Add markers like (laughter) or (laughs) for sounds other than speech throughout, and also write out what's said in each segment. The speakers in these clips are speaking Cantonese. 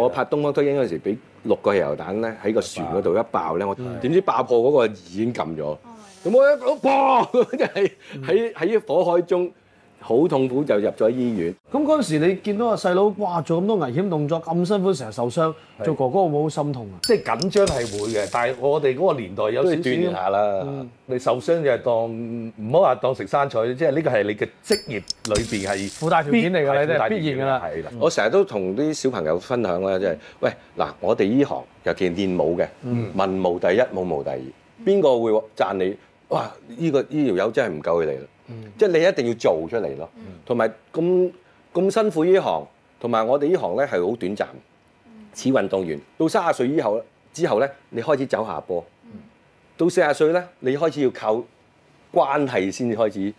我拍《東方禿鷹》嗰陣時，俾六個汽油彈咧喺個船嗰度一爆咧，的我點知爆破嗰個已經撳咗，咁的我一爆，爆，就係喺喺火海中。好痛苦就入咗醫院。咁嗰陣時你見到個細佬哇做咁多危險動作咁辛苦成日受傷，做哥哥會唔會好心痛啊？的即係緊張係會嘅，但係我哋嗰個年代有時，都鍛鍊下啦，嗯、你受傷就係當唔好話當食生菜，即係呢個係你嘅職業裏面係附帶條件嚟㗎，必你都呢係必然㗎啦。的嗯、我成日都同啲小朋友分享啦，即係喂嗱，我哋呢行尤其練武嘅，嗯、文無第一，武無第二，邊個會讚你哇？呢、呢個呢條友真係唔夠佢哋即係你一定要做出嚟咯，同埋咁咁辛苦呢行，同埋我哋呢行咧係好短暫，似運動員到三十歲以後之後咧你開始走下坡，到四十歲咧你開始要靠關係先至開始，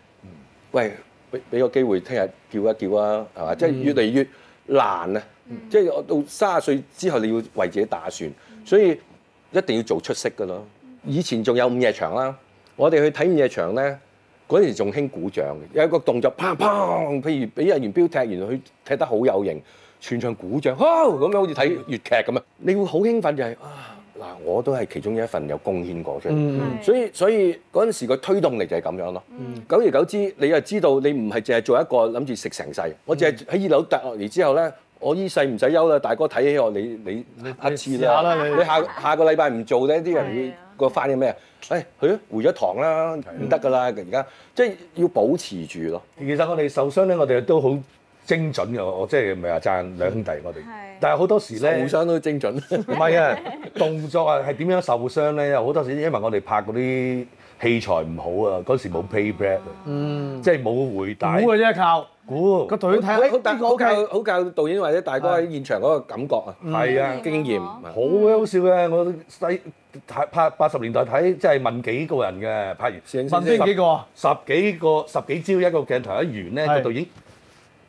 喂俾俾個機會聽日叫一叫啊，係嘛？嗯、即係越嚟越難啊！嗯、即係我到三十歲之後你要為自己打算，所以一定要做出色噶咯。以前仲有午夜場啦，我哋去睇午夜場咧。嗰陣時仲興鼓掌嘅，有一個動作，啪啪，譬如俾阿元彪踢完，佢踢得好有型，全場鼓掌，咁樣好似睇粵劇咁啊！你會好興奮就係啊嗱，我都係其中一份有貢獻過出嚟、嗯、所以所以嗰陣時個推動力就係咁樣咯。嗯、久而久之，你又知道你唔係淨係做一個諗住食成世，我淨係喺二樓跌落嚟之後咧，我呢世唔使休啦，大哥睇起我你你，下次啦你，你下下個禮拜唔做呢啲人會個翻啲咩啊？誒、哎、去咗回咗堂啦，唔得㗎啦！而家即係要保持住咯。其實我哋受傷咧，我哋都好精準嘅。我即係唔係話讚兩兄弟我哋？但係好多時咧，受傷都精準。唔係啊， (laughs) 動作啊係點樣受傷咧？好多時因為我哋拍嗰啲器材唔好啊，嗰時冇 payback，、嗯、即係冇回帶。個隊睇，呢個好靠好靠導演或者大哥喺現場嗰個感覺啊！係啊，經驗好嘅，好笑嘅。我細睇拍八十年代睇，即係問幾個人嘅拍完，問先幾個？十幾個十幾招一個鏡頭，一完咧個導演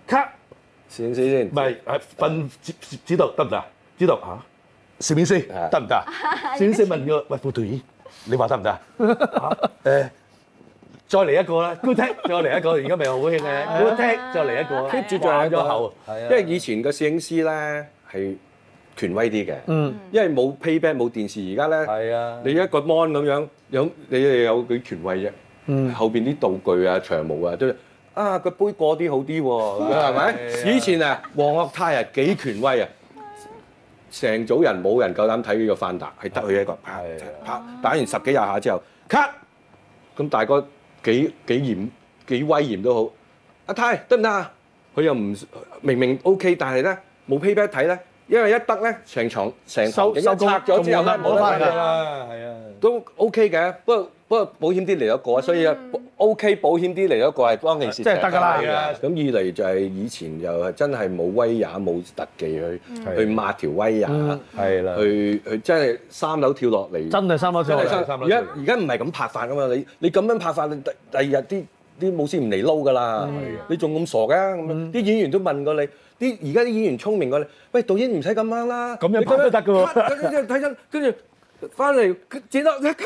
cut。攝影師先唔係，係分指導得唔得？指導嚇，攝影師得唔得？攝影師問個喂，副導演，你話得唔得？好誒。再嚟一個啦，Good take！再嚟一個，而家咪好興嘅，Good take！嚟一個，跟住再嚟一個後，因為以前嘅攝影師咧係權威啲嘅，嗯、因為冇 payback 冇電視，而家咧你一個 mon 咁樣你有你哋有幾權威啫？嗯、後邊啲道具啊、長毛啊都啊個杯過啲好啲喎，係咪？以前啊，黃岳泰啊幾權威啊，成組人冇人夠膽睇呢個 finder，係得佢一個拍拍打完十幾廿下之後 cut，咁大哥。幾幾嚴幾威嚴都好，阿太得唔得啊？佢又唔明明 OK，但係咧冇 paper 睇咧，因為一得咧成床成手收拆咗之後咧，冇得睇啦，係啊，都 OK 嘅，不過。不過保險啲嚟咗個，所以啊 OK，保險啲嚟咗個係關鍵事，即係得㗎啦，咁二嚟就係以前又係真係冇威也冇特技去去抹條威也，係啦，去去真係三樓跳落嚟，真係三樓跳落嚟，而家而家唔係咁拍法㗎嘛，你你咁樣拍法，第第二日啲啲武師唔嚟撈㗎啦，你仲咁傻㗎？啲演員都問過你，啲而家啲演員聰明過你，喂導演唔使咁啱啦，咁樣拍都得㗎，睇緊，跟住。翻嚟剪落一 c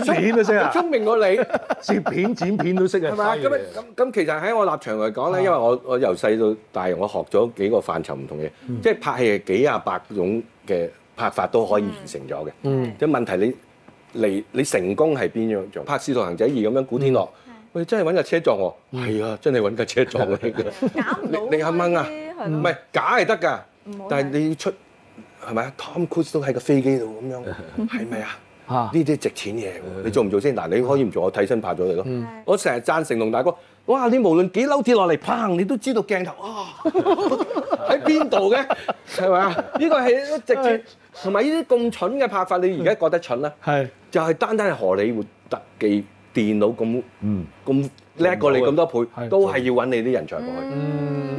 剪片咩聲啊？好聰明過你，剪片剪片都識啊！係咪？咁咁咁，其實喺我立場嚟講咧，因為我我由細到大，我學咗幾個範疇唔同嘅嘢，即係拍戲係幾廿百種嘅拍法都可以完成咗嘅。嗯，即係問題你嚟你成功係邊樣做？拍《使徒行者》二咁樣，古天樂喂真係揾架車撞喎，係啊，真係揾架車撞你嘅。假唔到啲唔係假係得㗎，但係你要出。係咪啊？Tom Cruise 都喺個飛機度咁樣，係咪啊？呢啲值錢嘢，的你做唔做先？嗱，你可以唔做，我替身拍咗你咯。的我成日贊成龍大哥，哇！你無論幾嬲跌落嚟，砰！你都知道鏡頭啊喺邊度嘅，係、哦、咪？呢個係直接，同埋呢啲咁蠢嘅拍法，你而家覺得蠢啦？係的，就係單單係荷里活特技電腦咁，嗯，咁。叻過你咁多倍，都係要揾你啲人才過去，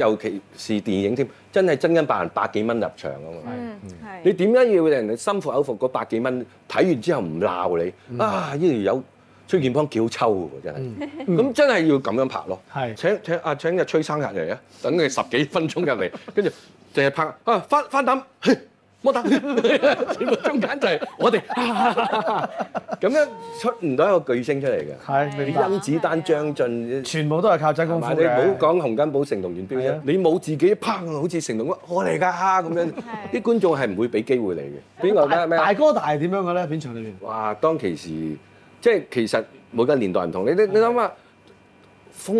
尤其是電影添，真係真金白銀百幾蚊入場㗎嘛。你點解要令人哋心服口服嗰百幾蚊睇完之後唔鬧你？啊，呢條友崔建邦幾好抽喎，真係。咁真係要咁樣拍咯。請請啊請阿崔生入嚟啊，等佢十幾分鐘入嚟，跟住淨係拍啊翻翻膽。冇得，全部中間就係我哋咁樣出唔到一個巨星出嚟嘅。係，你甄子丹、張晉，全部都係靠真功夫，你唔好講洪金寶、成龍、元彪啫。你冇自己砰，好似成龍乜我嚟㗎咁樣，啲觀眾係唔會俾機會你嘅。邊個大哥大係點樣嘅咧？片場裏面哇，當其時即係其實每個年代唔同。你你你諗下，風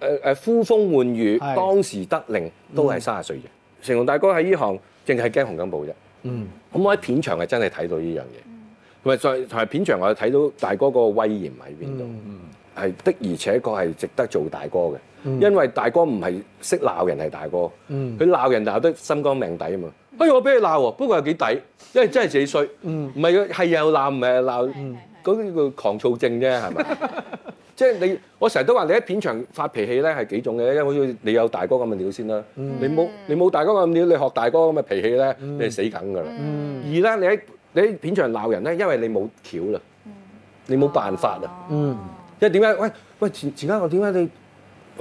誒誒呼風喚雨，當時得令都係卅歲嘅。成龍大哥喺呢行，淨係驚洪金寶啫，嗯，咁我喺片場係真係睇到呢樣嘢，同埋再同埋片場我睇到大哥嗰個威嚴喺邊度，係的而且確係值得做大哥嘅，嗯、因為大哥唔係識鬧人係大哥，佢鬧、嗯、人鬧得心肝命底啊嘛，哎我俾佢鬧喎，不過又幾抵，因為真係自己衰，唔係佢係又鬧唔係鬧，嗰啲叫狂躁症啫係咪？ (laughs) 即係你，我成日都話你喺片場發脾氣咧係幾種嘅，因為好似你有大哥咁嘅料先啦、mm.。你冇你冇大哥咁嘅料，你學大哥咁嘅脾氣咧，你死梗㗎啦。而咧，你喺你喺片場鬧人咧，因為你冇橋啦，你冇辦法啊。即係點解？喂喂，前前家我點解你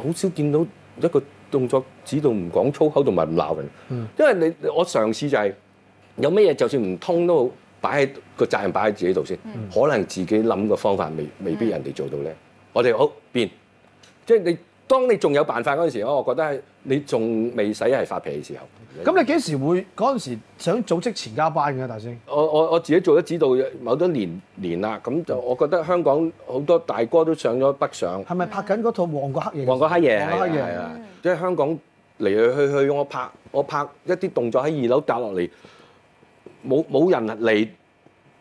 好少見到一個動作指導唔講粗口同埋唔鬧人？Mm. 因為你我嘗試就係、是、有咩嘢，就算唔通都好擺喺個責任擺喺自己度先，mm. 可能自己諗嘅方法未未必人哋做到咧。我哋好變，即係你當你仲有辦法嗰陣時候，我覺得係你仲未使係發脾氣嘅時候。咁你幾時會嗰陣時想組織錢家班嘅？大師，我我我自己做咗指導某多年年啦，咁就我覺得香港好多大哥都上咗北上。係咪拍緊嗰套《旺角黑夜》的？《旺角黑夜》黑夜？旺角黑夜，啊啊嗯、即係香港嚟去去去，我拍我拍一啲動作喺二樓揼落嚟，冇冇人嚟，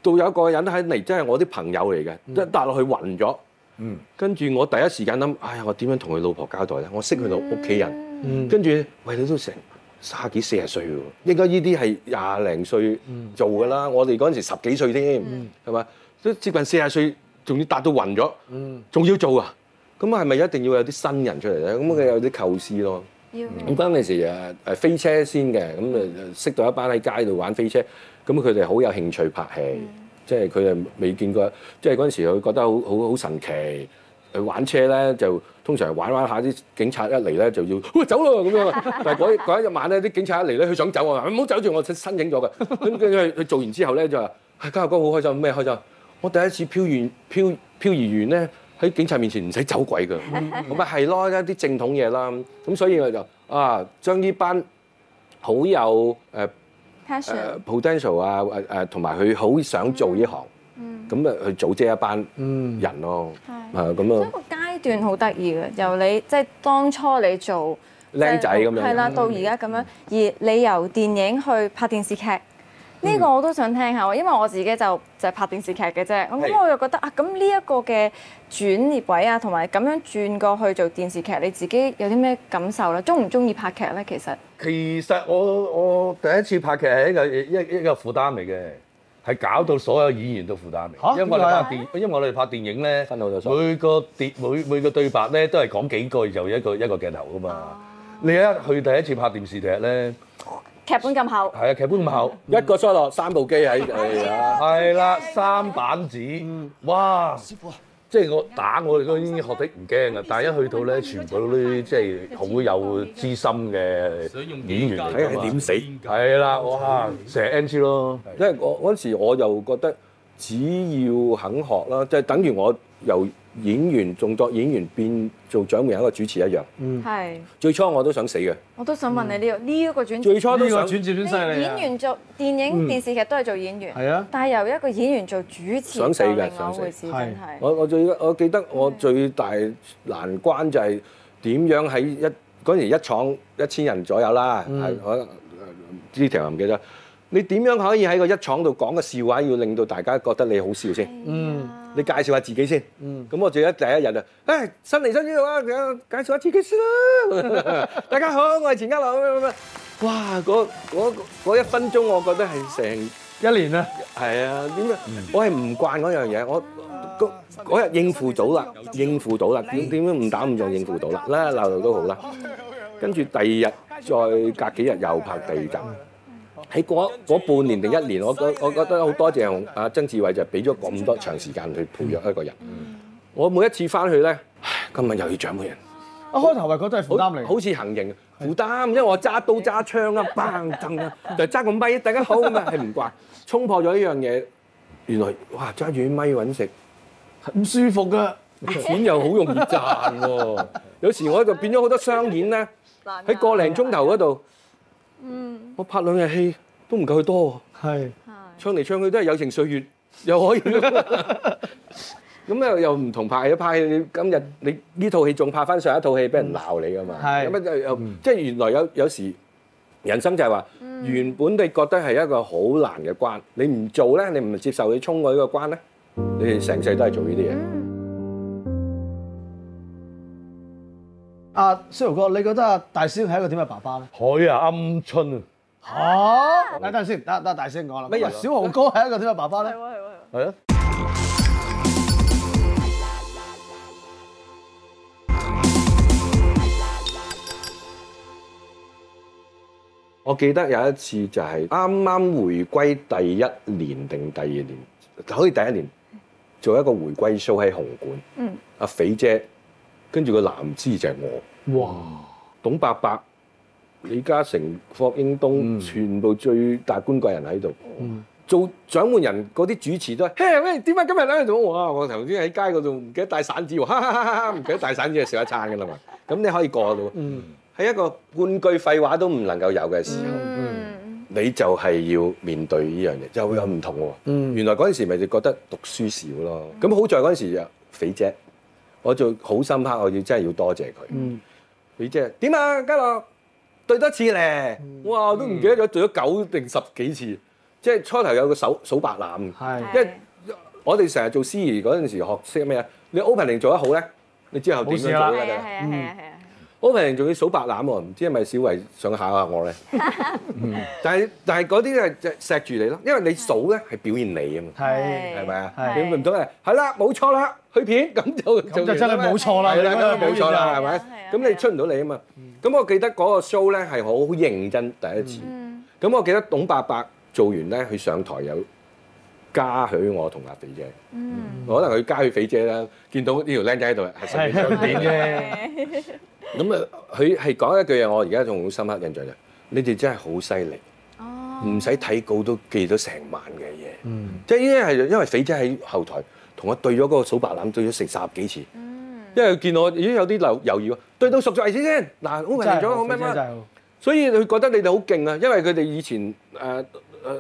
到有一個人喺嚟，即係我啲朋友嚟嘅，即一揼落去暈咗。嗯，跟住我第一時間諗，哎呀，我點樣同佢老婆交代咧？我識佢老屋企人，跟住、嗯嗯、喂，你都成卅幾四十歲應喎，應該呢啲係廿零歲做㗎啦。嗯、我哋嗰陣時十幾歲添，係嘛、嗯？都接近四十歲，仲要達到暈咗，仲、嗯、要做啊？咁係咪一定要有啲新人出嚟咧？咁佢有啲構思咯。咁我嗰陣時啊，誒飛車先嘅，咁啊識到一班喺街度玩飛車，咁佢哋好有興趣拍戲。嗯即係佢誒未見過，即係嗰陣時佢覺得好好好神奇。玩車咧就通常玩玩下，啲警察一嚟咧就要走咯咁樣。但係嗰一日晚咧，啲警察一嚟咧，佢想走啊，唔好走住，我申請咗㗎。咁跟住佢做完之後咧就話：嘉、哎、樂哥好開心咩開心？我第一次漂完漂漂移完咧，喺警察面前唔使走鬼㗎。咁咪係咯，一啲正統嘢啦。咁所以我就啊將呢班好有誒。呃 potential 啊誒誒同埋佢好想做呢行，咁啊去組織一班人咯，係啊咁啊。所以個階段好得意嘅，由你即係當初你做靚仔咁樣，係啦，到而家咁樣，而你由電影去拍電視劇。呢、嗯、個我都想聽下喎，因為我自己就就係拍電視劇嘅啫，咁我又覺得啊，咁呢一個嘅轉捩位啊，同埋咁樣轉過去做電視劇，你自己有啲咩感受咧？鍾唔鍾意拍劇咧？其實其實我我第一次拍劇係一個一一個負擔嚟嘅，係搞到所有演員都負擔嚟。因為我哋拍電為因為我哋拍電影咧，每個電每每個對白咧都係講幾句就一、是、個一個鏡頭㗎嘛。啊、你一去第一次拍電視劇咧。劇本咁厚，係啊劇本咁厚，一個 shot 落三部機喺度，係啊，係啦，三板子，哇，師傅，即係我打我哋都已經學得唔驚啊，但係一去到咧，全部都即係好有資深嘅演員嚟嘅，係點死？係啦，我吓成日 NG 咯，因為我嗰時我又覺得只要肯學啦，即係等於我由。演員做作演員變做獎門人一個主持一樣，嗯，係最初我都想死嘅。我都想問你呢呢一個轉，最初都想，轉接轉西演員做電影電視劇都係做演員，係啊，但係由一個演員做主持，想死嘅，想死真係。我我最我記得我最大難關就係點樣喺一嗰陣時一廠一千人左右啦，係我呢條又唔記得。你點樣可以喺個一廠度講個笑話，要令到大家覺得你好笑先？嗯，你介紹下自己先。嗯，咁我最一第一日啊，誒，新嚟新嚟啊，介紹下自己先啦。大家好，我係錢嘉樂。哇，嗰嗰嗰一分鐘，我覺得係成一年啊。係啊，點樣？我係唔慣嗰樣嘢，我嗰嗰日應付到啦，應付到啦。點點樣唔打唔就應付到啦？啦鬧到都好啦。跟住第二日再隔幾日又拍第二集。喺嗰半年定一年，我覺我覺得好多謝阿曾志偉就俾咗咁多長時間去培育一個人。嗯、我每一次翻去咧，今日又要獎門人。一開頭係覺得係負擔嚟，好似行刑，的負擔，因為我揸刀揸槍啊 b 震啊， (laughs) 就揸個咪，大家好啊嘛。係唔 (laughs) 慣，衝破咗一樣嘢，原來哇揸住啲咪揾食唔舒服㗎、啊，錢又好容易賺喎。 (laughs) 有時候我就變咗好多商演咧，喺用個零鐘頭嗰度。嗯，我拍兩日戲都唔夠佢多，係是唱嚟唱去都係友情歲月，又可以咁 (laughs) (laughs) 又又唔同拍戲拍戲，你今日你呢套戲仲拍翻上一套戲，俾人鬧你噶嘛？咁啊又即係原來有有時人生就係話，原本你覺得係一個好難嘅關，你唔做咧，你唔接受你衝過的呢個關咧，你成世都係做呢啲嘢。嗯阿、啊、小豪哥，你覺得阿大師兄係一個點嘅爸爸咧？佢啊，鵪鶉啊！嚇、啊？等等先，等等，大師兄講啦。咩啊？小豪哥係一個點嘅爸爸咧？係喎係啊！的我記得有一次就係啱啱回歸第一年定第二年，好似第一年做一個回歸 show 喺紅館。嗯。阿肥姐。跟住個男司就係我。哇！董伯伯、李嘉誠、霍英東，嗯、全部最大官貴人喺度，嗯、做掌門人嗰啲主持都係，喂點解今日咧做？哇！我頭先喺街嗰度唔記得帶散紙喎，哈哈哈哈！唔記得帶散紙就食一餐噶啦嘛。咁你可以過到，喺、嗯、一個半句廢話都唔能夠有嘅時候，嗯、你就係要面對呢樣嘢，就、嗯、又有唔同喎。嗯、原來嗰陣時咪就覺得讀書少咯。咁、嗯、好在嗰陣時又肥姐。我就好深刻，我要真係要多謝佢。你即係點啊？嘉樂對多次咧，哇都唔記得咗，做咗九定十幾次。即係初頭有個數數白欖嘅，因為我哋成日做司儀嗰陣時學識咩啊？你 opening 做得好咧，你之後點樣做嘅。係啊係啊係啊！opening 仲要數白欖喎，唔知係咪小維想考下我咧？但係但係嗰啲就錫住你咯，因為你數咧係表現你啊嘛。係係咪啊？點唔到啊？係啦，冇錯啦。許片咁就就真係冇錯啦，真係冇錯啦，係咪？咁你出唔到嚟啊嘛？咁我記得嗰個 show 咧係好認真第一次。咁我記得董伯伯做完咧，佢上台有嘉許我同阿肥姐。嗯，可能佢嘉許肥姐啦，見到呢條靚仔喺度啦，係實在嘅。咁啊，佢係講一句嘢，我而家仲好深刻印象嘅。你哋真係好犀利，唔使睇稿都記到成晚嘅嘢。嗯，即係呢啲係因為肥姐喺後台，同我對咗嗰個數白欖，對咗成十幾次，嗯、因為見我已經有啲留猶豫喎，豫對到熟就係先生，嗱是好明咗，好所以佢覺得你哋好勁啊！因為佢哋以前誒誒誒，阿、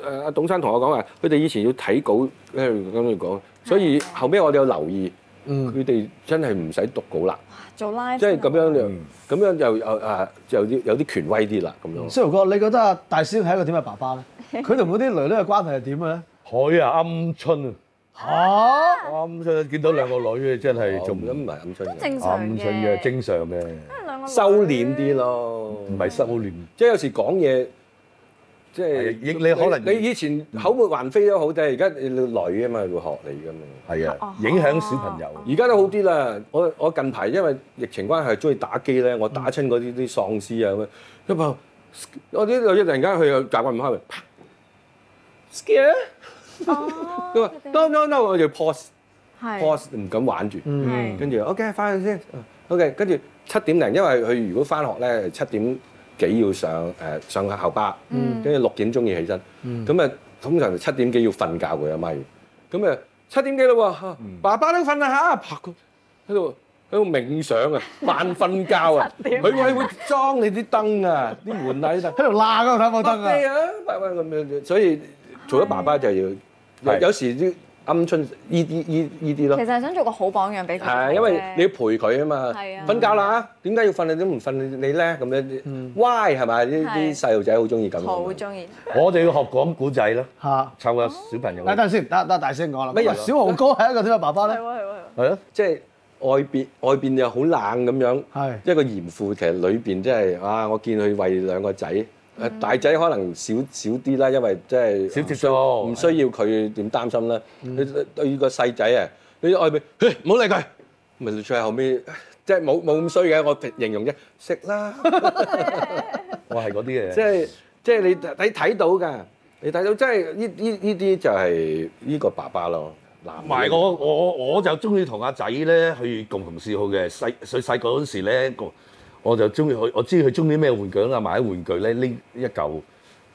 呃呃、董生同我講話，佢哋以前要睇稿，跟住講，所以後尾我哋有留意，佢哋的真係唔使讀稿啦，做 live，即係咁樣又咁樣又又啊，就有啲有啲權威啲啦咁樣。孫、嗯、豪哥，你覺得大師兄係一個點嘅爸爸咧？佢同嗰啲女女嘅關係係點嘅咧？佢啊，鵪鶉啊！好暗翠，見到兩個女嘅真係仲咁唔係咁翠，暗翠嘅正常嘅，收斂啲咯，唔係實好亂。即係有時講嘢，即係你可能你以前口沫橫飛都好，但係而家女啊嘛會學你㗎嘛，係啊，影響小朋友。而家都好啲啦，我我近排因為疫情關係中意打機咧，我打親嗰啲啲喪屍啊咁樣，我啲女一陣間佢又習慣唔開門，啪，scare。佢話：no no no，我要 pause，pause 唔敢玩住，跟住 OK 翻去先，OK 跟住七點零，因為佢如果翻學咧七點幾要上誒上個校巴，跟住六點鐘要起身，咁誒通常就七點幾要瞓覺嘅，媽咪，咁誒七點幾咯喎，爸爸都瞓啦下拍佢喺度喺度冥想啊，扮瞓覺啊，佢係會裝你啲燈啊，啲門啊啲燈喺度鬧啊，睇冇燈啊，所以做咗爸爸就要。有時啲春呢啲呢啲咯，其實想做個好榜樣俾佢，因為你要陪佢啊嘛。係啊，瞓覺啦，點解要瞓？你都唔瞓你咧咁樣？Why 係咪？呢啲細路仔好中意咁，好中意。我哋要學個咁古仔咯，吓，湊個小朋友。等陣先，得得，大聲講啦。咩呀？小豪哥係一個點樣爸爸咧？係喎，係即係外邊外邊又好冷咁樣，係一個嚴父。其實裏面真係啊，我見佢為兩個仔。誒，大仔可能少少啲啦，因為即係唔需唔需要佢點擔心啦。對、嗯、對，個細仔啊，你外面唔好理佢，咪最後尾，即係冇冇咁衰嘅。我形容啫，食啦。我係嗰啲嘅。即係即係你你睇到㗎，你睇到即係呢呢呢啲就係呢個爸爸咯。唔係我我我就中意同阿仔咧去共同嗜好嘅。細細細個嗰陣時咧個。我就中意佢，我知佢中意咩玩具啦，買玩具咧，呢一嚿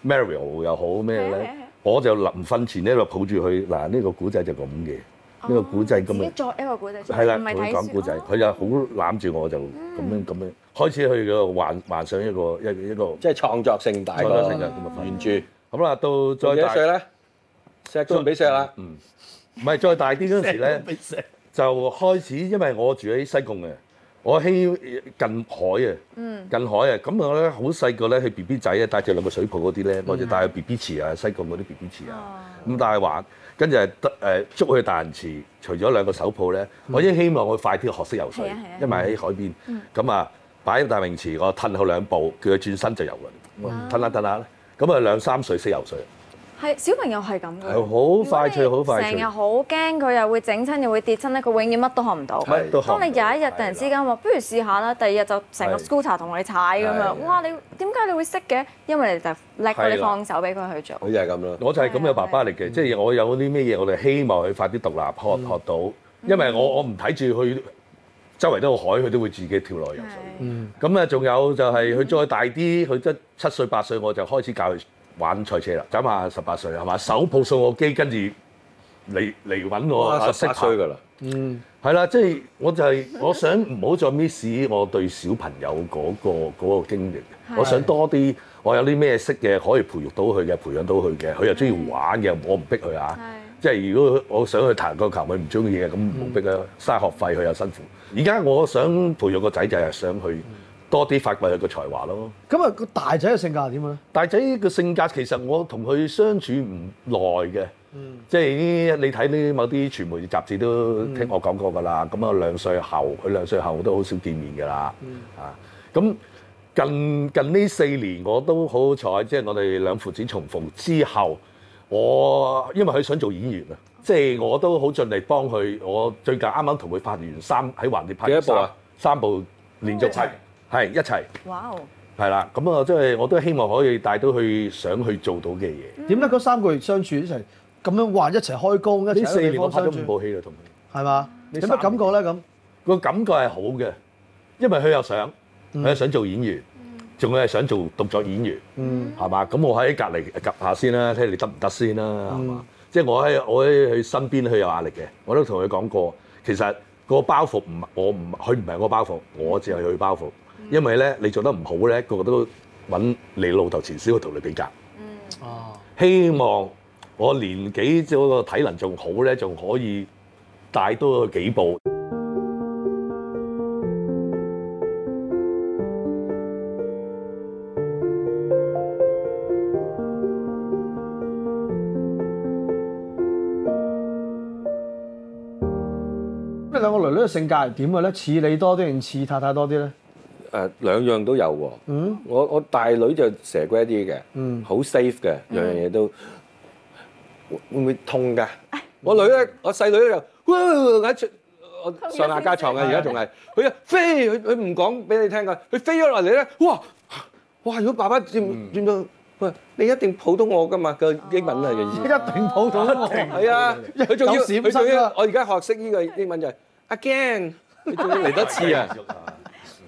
Mario 又好咩咧，我就臨瞓前呢度抱住佢，嗱呢個古仔就咁嘅呢個古仔咁啊，再一個古仔，係啦，佢講古仔，佢就好攬住我就咁樣咁樣開始去個幻幻想一個一一個，即係創作性大咯，原著咁啦，到再大幾多歲咧？石都唔俾錫啦，唔係再大啲嗰陣時咧，就開始因為我住喺西貢嘅。我希近海啊，嗯、近海啊，咁我咧好細個咧，去 B B 仔啊，帶住兩個水泡嗰啲咧，我就帶去 B B 池啊，嗯、西貢嗰啲 B B 池啊，咁帶佢玩，跟住誒捉去大人池，除咗兩個手泡咧，嗯、我已經希望佢快啲學識游水，嗯、因為喺海邊，咁啊、嗯嗯、擺喺大人池，我褪後兩步，叫佢轉身就游啦，褪下褪下咧，咁啊、嗯、兩三歲識游水。係小朋友係咁嘅，好快脆，好快成日好驚佢又會整親，又會跌親咧。佢永遠乜都學唔到。乜都學。當你有一日突然之間話，不如試下啦。第二日就成個 scooter 同你踩咁樣！哇，你點解你會識嘅？因為你就叻咯。你放手俾佢去做。佢就係咁啦。我就係咁嘅爸爸嚟嘅，即係我有啲咩嘢，我哋希望佢快啲獨立學學到。因為我我唔睇住佢，周圍都有海，佢都會自己跳落去游水。咁啊，仲有就係佢再大啲，佢七歲八歲，我就開始教佢。玩賽車啦，走咁十八歲係嘛？手抱數學機，跟住嚟嚟揾我啊！十八歲㗎啦，嗯，係啦，即、就、係、是、我就係、是、我想唔好再 miss 我對小朋友嗰、那個嗰、那個經歷。是的我想多啲，我有啲咩識嘅可以培育到佢嘅，培養到佢嘅，佢又中意玩嘅，的我唔逼佢啊。的即係如果我想去彈個琴，佢唔中意嘅，咁唔好逼佢。嘥、嗯、學費，佢又辛苦。而家我想培育個仔就係、是、想去。多啲發掘佢個才華咯。咁啊，個大仔嘅性格係點樣？大仔嘅性格其實我同佢相處唔耐嘅，即係呢你睇呢某啲傳媒雜誌都聽我講過㗎啦。咁啊，兩歲後佢兩歲後我都好少見面㗎啦。啊，咁近近呢四年我都好彩，即係我哋兩父子重逢之後，我因為佢想做演員啊，即係我都好盡力幫佢。我最近啱啱同佢拍完三喺橫店拍幾多部啊？三部連續係一齊，哇 Wow！係啦，咁啊，即係我都希望可以帶到佢想去做到嘅嘢。點解嗰三個月相處一齊咁樣，話一齊開工一齊。四年我拍咗五部戲啦，同佢係嘛？你有乜感覺咧？咁、那個感覺係好嘅，因為佢又想，佢又想做演員，仲要係、嗯、想做動作演員，係嘛、嗯？咁我喺隔離夾下先啦，睇你得唔得先啦，嘛吧？即係我喺我喺佢身邊，佢有壓力嘅。我都同佢講過，其實個包袱唔，我唔，佢唔係個包袱，我只係佢包袱。嗯因為咧，你做得唔好咧，個個都揾你老豆、前輩去同你比較。嗯，哦，希望我年紀即係個體能仲好咧，仲可以帶多佢幾步。咁你兩個囡囡嘅性格係點嘅咧？似你多啲定似太太多啲咧？誒兩樣都有喎。嗯。我我大女就蛇龜啲嘅，嗯。好 safe 嘅，樣樣嘢都會唔會痛㗎？我女咧，我細女咧就喺出，我上下架牀嘅，而家仲係佢啊飛，佢佢唔講俾你聽㗎，佢飛咗落嚟咧，哇哇！如果爸爸轉轉到喂，你一定抱到我㗎嘛？個英文嚟嘅，一定抱到我係啊！佢仲要佢仲要，我而家學識呢個英文就係 Again，佢仲要嚟多次啊！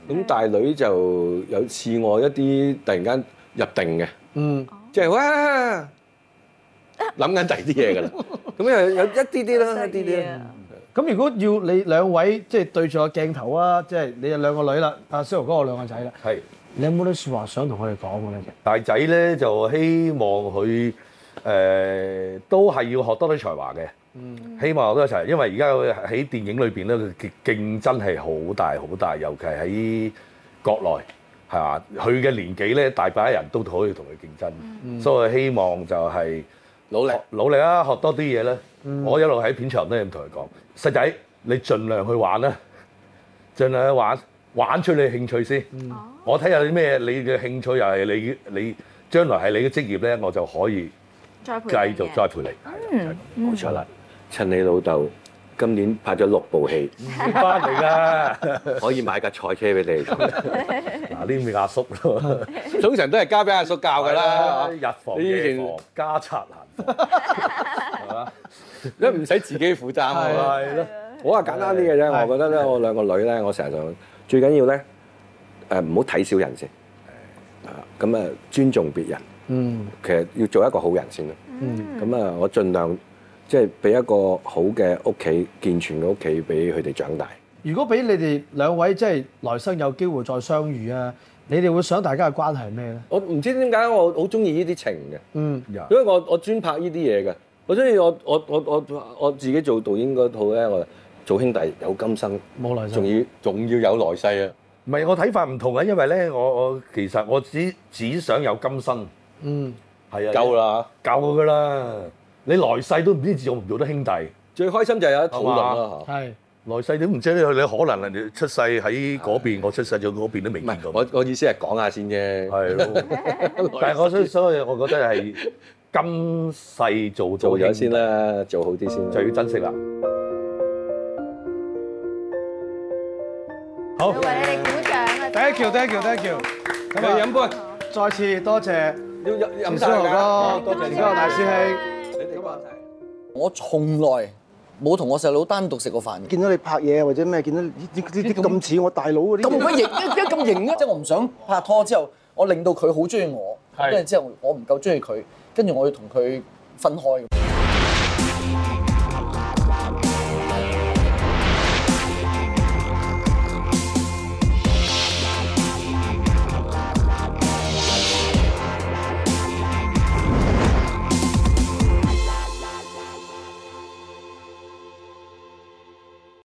咁大女就有次我一啲突然間入定嘅，嗯，即係哇，諗緊第二啲嘢㗎啦，咁又 (laughs) 有一啲啲啦，一啲啲。咁如果要你兩位即係、就是、對住個鏡頭啊，即、就、係、是、你有兩個女啦，阿小豪哥我兩個仔啦，係是。你有冇啲説話想同佢哋講嘅咧？大仔咧就希望佢誒、呃、都係要學多啲才華嘅。嗯、希望我都一齊，因為而家喺電影裏邊咧，競爭係好大好大，尤其喺國內，係嘛？佢嘅年紀咧，大把人都可以同佢競爭，嗯、所以希望就係努力努力啦，學多啲嘢啦。嗯、我一路喺片場都係咁同佢講，細仔，你盡量去玩啦，盡量去玩，玩出你嘅興趣先。嗯、我睇下你咩，你嘅興趣又係你你，你將來係你嘅職業咧，我就可以再繼續栽培你，你。冇錯啦。趁你老豆今年拍咗六部戲，返嚟㗎，可以買架賽車俾你。嗱，呢邊阿叔咯，通常都係交俾阿叔教㗎啦。日防夜防，家賊難防，係嘛？因為唔使自己負責係咯。我話簡單啲嘅啫，我覺得咧，我兩個女咧，我成日就最緊要咧，誒，唔好睇小人先，咁啊尊重別人，嗯，其實要做一個好人先啦，咁啊我儘量。即係俾一個好嘅屋企、健全嘅屋企，俾佢哋長大。如果俾你哋兩位即係、就是、來生有機會再相遇啊！你哋會想大家嘅關係係咩咧？我唔知點解我好中意呢啲情嘅。嗯，因為我我專拍呢啲嘢嘅，我中意我我我我我自己做導演嗰套咧，我做兄弟有今生，冇來世，仲要仲要有來世啊！唔係我睇法唔同啊，因為咧，我我其實我只我只想有今生。嗯，係啊，夠啦，夠㗎啦。你來世都唔知有唔有得兄弟，最開心就係有得討論啦。係來世都唔知你可能人哋出世喺嗰邊，我出世咗嗰邊都未見到。我我意思係講下先啫。係咯，但係我所所以，我覺得係今世做做咗先啦，做好啲先。就要珍惜啦。好，為你哋鼓掌啊！Thank you，Thank you，Thank you。咁飲杯，再次多謝錢小豪哥，多謝前蘇大師兄。我從來冇同我細佬單獨食過飯見，見到你拍嘢或者咩，見到啲咁似我大佬嗰啲咁型，一咁型啊！麼麼 (laughs) 即係我唔想拍拖之後，我令到佢好中意我，跟住是之後我唔夠中意佢，跟住我要同佢分開。